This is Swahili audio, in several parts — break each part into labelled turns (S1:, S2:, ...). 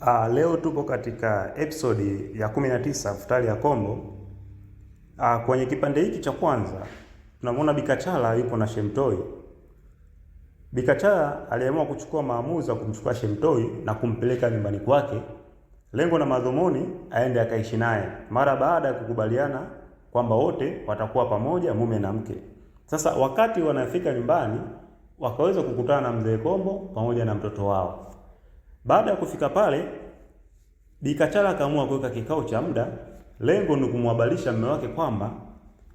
S1: Uh, leo tupo katika episodi ya 19 futari ya Kombo. Uh, kwenye kipande hiki cha kwanza tunamwona Bikachala yupo na Shemtoi. Bikachala aliamua kuchukua maamuzi ya kumchukua Shemtoi na kumpeleka nyumbani kwake, lengo na madhumuni aende akaishi naye mara baada ya kukubaliana kwamba wote watakuwa pamoja, mume na mke. Sasa wakati wanafika nyumbani, wakaweza kukutana na mzee Kombo pamoja na mtoto wao. Baada ya kufika pale, Bikachala akaamua kuweka kikao cha muda, lengo ni kumwabalisha mume wake kwamba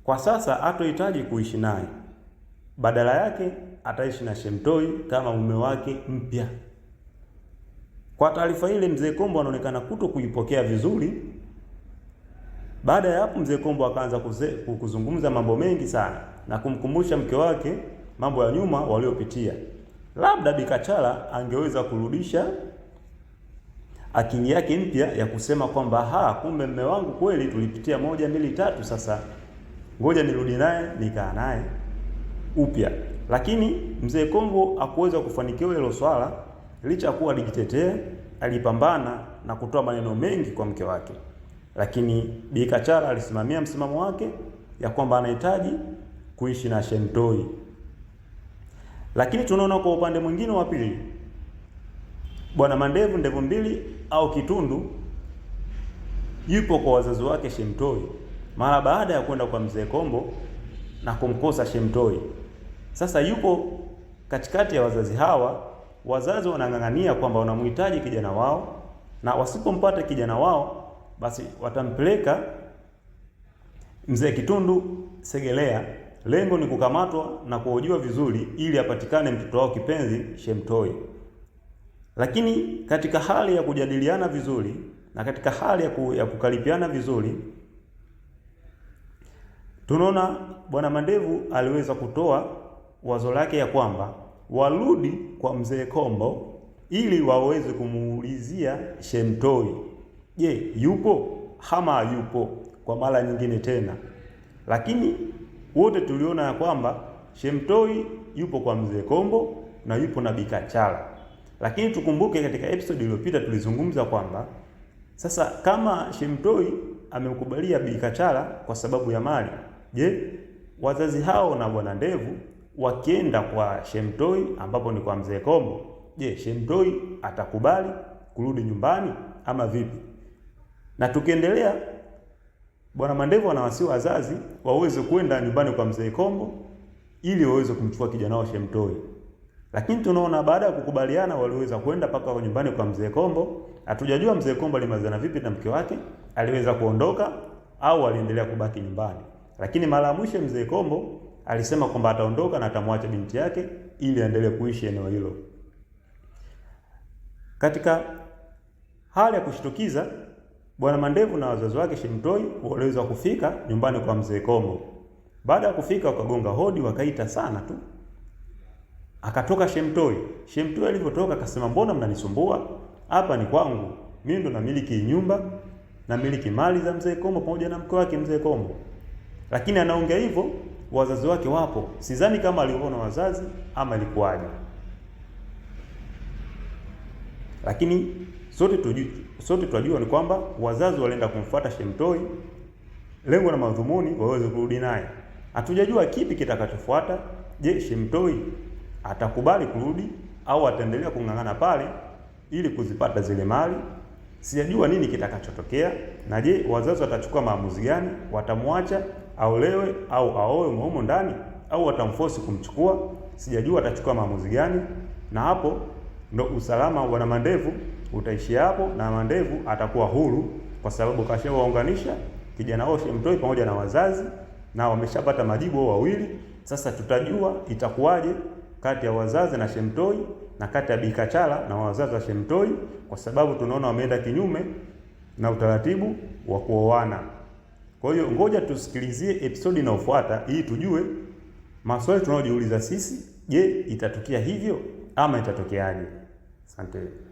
S1: kwa sasa hatohitaji kuishi naye, badala yake ataishi na Shemtoi kama mume wake mpya. Kwa taarifa ile, mzee Kombo anaonekana kuto kuipokea vizuri. Baada ya hapo, mzee Kombo akaanza kuzungumza mambo mengi sana na kumkumbusha mke wake mambo ya nyuma waliopitia, labda Bikachala angeweza kurudisha akili yake mpya ya kusema kwamba ha, kumbe mme wangu kweli tulipitia moja mbili tatu, sasa ngoja nirudi naye nikaa naye upya. Lakini mzee Kombo hakuweza kufanikiwa hilo swala, licha ya kuwa alijitetea, alipambana na kutoa maneno mengi kwa mke wake, lakini Bi Kachara alisimamia msimamo wake ya kwamba anahitaji kuishi na Shentoi. Lakini tunaona kwa upande mwingine wa pili Bwana Mandevu ndevu mbili au kitundu yupo kwa wazazi wake Shemtoi mara baada ya kwenda kwa mzee Kombo na kumkosa Shemtoi. Sasa yupo katikati ya wazazi hawa, wazazi wanang'ang'ania kwamba wanamhitaji kijana wao, na wasipompata kijana wao basi watampeleka mzee Kitundu Segelea. Lengo ni kukamatwa na kuhojiwa vizuri ili apatikane mtoto wao kipenzi Shemtoi. Lakini katika hali ya kujadiliana vizuri na katika hali ya, ku, ya kukaripiana vizuri tunaona Bwana Mandevu aliweza kutoa wazo lake ya kwamba warudi kwa mzee Kombo ili waweze kumuulizia Shemtoi, je, yupo hama hayupo kwa mara nyingine tena. Lakini wote tuliona ya kwamba Shemtoi yupo kwa mzee Kombo na yupo na Bikachala. Lakini tukumbuke katika episode iliyopita tulizungumza kwamba sasa kama Shemtoi amemkubalia Bi Kachala kwa sababu ya mali, je, wazazi hao na Bwana Ndevu wakienda kwa Shemtoi ambapo ni kwa Mzee Kombo, je, Shemtoi atakubali kurudi nyumbani ama vipi? Na tukiendelea, Bwana Mandevu anawasi wazazi waweze kwenda nyumbani kwa Mzee Kombo ili waweze kumchukua kijana wao Shemtoi. Lakini tunaona baada ya kukubaliana waliweza kwenda paka kwa nyumbani kwa mzee Kombo. Hatujajua mzee Kombo alimalizana vipi na mke wake, aliweza kuondoka au aliendelea kubaki nyumbani. Lakini mara ya mwisho mzee Kombo alisema kwamba ataondoka na atamwacha binti yake ili aendelee kuishi eneo hilo. Katika hali ya kushtukiza, Bwana Mandevu na wazazi wake Shemtoi waliweza kufika nyumbani kwa mzee Kombo. Baada ya kufika, wakagonga hodi, wakaita sana tu Akatoka Shemtoi. Shemtoi alivyotoka akasema, mbona mnanisumbua hapa? Ni kwangu mimi, ndo namiliki nyumba na miliki mali za mzee Kombo pamoja na mke wake mzee Kombo. Lakini anaongea hivyo, wazazi wake wapo. Sidhani kama aliona wazazi ama ilikuwaje, lakini sote tujue, sote tunajua ni kwamba wazazi walienda kumfuata Shemtoi, lengo na madhumuni waweze kurudi naye. Hatujajua kipi kitakachofuata. Je, Shemtoi atakubali kurudi au ataendelea kung'ang'ana pale ili kuzipata zile mali. Sijajua nini kitakachotokea, na je, wazazi watachukua maamuzi gani? Watamwacha aolewe au aoe humo ndani au watamforce kumchukua? Sijajua watachukua maamuzi gani, na hapo ndo usalama wa Bwana Mandevu utaishia hapo, na Mandevu atakuwa huru kwa sababu kashawaunganisha kijana wao Shemtoi pamoja na wazazi na wameshapata majibu wao wawili. Sasa tutajua itakuwaje kati ya wazazi na Shemtoi na kati ya Bikachala na wazazi wa Shemtoi, kwa sababu tunaona wameenda kinyume na utaratibu wa kuoana. Kwa hiyo ngoja tusikilizie episodi inayofuata ili tujue maswali tunayojiuliza sisi. Je, itatukia hivyo ama itatokeaje? Asante.